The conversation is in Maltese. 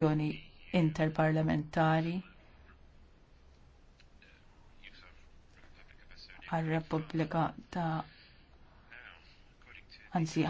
kwestjoni interparlamentari għal-Repubblika ta' anzi